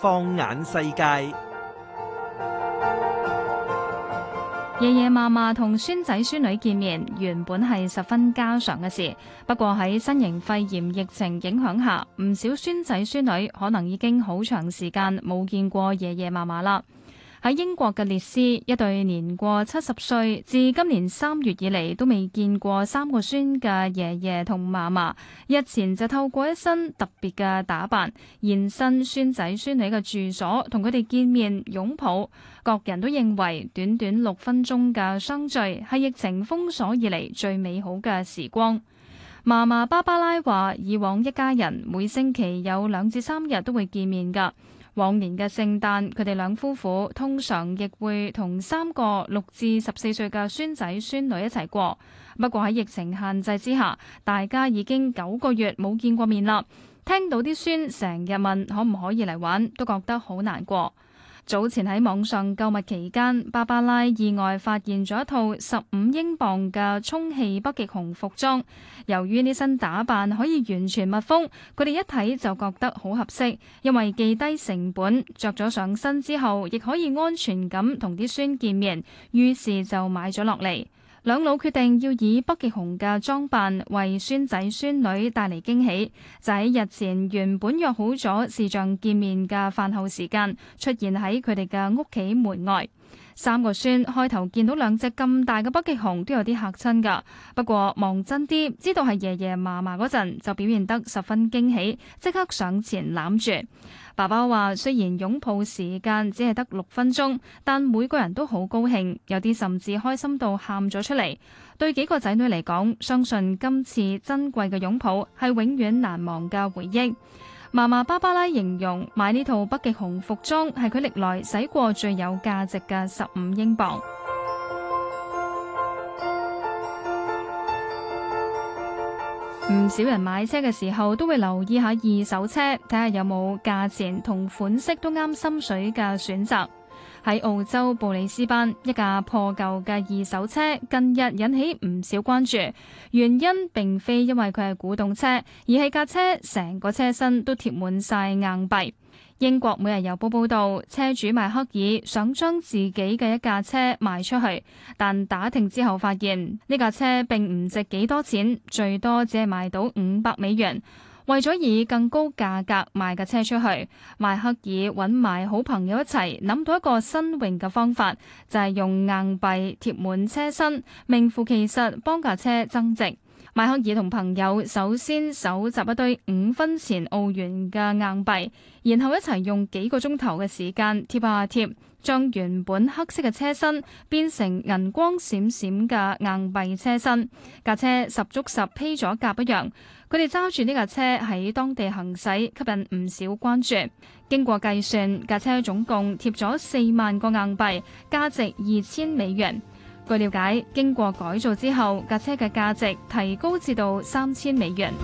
放眼世界，爺爺嫲嫲同孫仔孫女見面，原本係十分家常嘅事。不過喺新型肺炎疫情影響下，唔少孫仔孫女可能已經好長時間冇見過爺爺嫲嫲啦。喺英國嘅列斯，一對年過七十歲，至今年三月以嚟都未見過三個孫嘅爺爺同嫲嫲，日前就透過一身特別嘅打扮現身孫仔孫女嘅住所，同佢哋見面擁抱。各人都認為短短六分鐘嘅相聚係疫情封鎖以嚟最美好嘅時光。嫲嫲芭芭拉話：以往一家人每星期有兩至三日都會見面㗎。往年嘅聖誕，佢哋兩夫婦通常亦會同三個六至十四歲嘅孫仔孫女一齊過。不過喺疫情限制之下，大家已經九個月冇見過面啦。聽到啲孫成日問可唔可以嚟玩，都覺得好難過。早前喺網上購物期間，芭芭拉意外發現咗一套十五英鎊嘅充氣北極熊服裝。由於呢身打扮可以完全密封，佢哋一睇就覺得好合適，因為既低成本，着咗上身之後亦可以安全咁同啲孫見面，於是就買咗落嚟。兩老決定要以北極熊嘅裝扮為孫仔孫女帶嚟驚喜。就喺日前，原本約好咗視像見面嘅飯後時間，出現喺佢哋嘅屋企門外。三個孫開頭見到兩隻咁大嘅北極熊都有啲嚇親㗎，不過望真啲，知道係爺爺嫲嫲嗰陣，就表現得十分驚喜，即刻上前攬住。爸爸話，雖然擁抱時間只係得六分鐘，但每個人都好高興，有啲甚至開心到喊咗出嚟。對幾個仔女嚟講，相信今次珍貴嘅擁抱係永遠難忘嘅回憶。嫲嫲巴巴拉形容買呢套北極熊服裝係佢歷來使過最有價值嘅十五英鎊。唔 少人買車嘅時候都會留意下二手車，睇下有冇價錢同款式都啱心水嘅選擇。喺澳洲布里斯班，一架破舊嘅二手車近日引起唔少關注，原因並非因為佢係古董車，而係架車成個車身都貼滿晒硬幣。英國每日郵報報道，車主邁克爾想將自己嘅一架車賣出去，但打聽之後發現呢架車並唔值幾多錢，最多只係賣到五百美元。為咗以更高價格賣架車出去，邁克爾揾埋好朋友一齊，諗到一個新穎嘅方法，就係用硬幣貼滿車身，名副其實幫架車增值。邁克爾同朋友首先搜集一堆五分錢澳元嘅硬幣，然後一齊用幾個鐘頭嘅時間貼下貼，將原本黑色嘅車身變成銀光閃閃嘅硬幣車身，架車十足十披咗甲一樣。佢哋揸住呢架車喺當地行駛，吸引唔少關注。經過計算，架車總共貼咗四萬個硬幣，價值二千美元。據了解，經過改造之後，架車嘅價值提高至到三千美元。